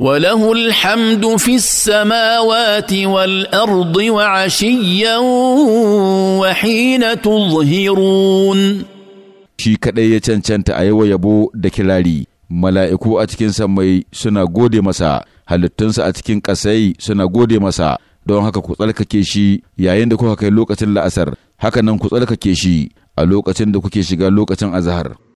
وله الحمد في السماوات والارض وعشيا وحين تظهرون shi kaɗai ya cancanta a yawa yabo da kirari mala'iku a cikin sammai suna gode masa halittunsa a cikin kasai suna gode masa don haka ku tsarkake shi yayin da kuka kai lokacin la'asar haka nan ku tsarkake shi a lokacin da kuke shiga lokacin azahar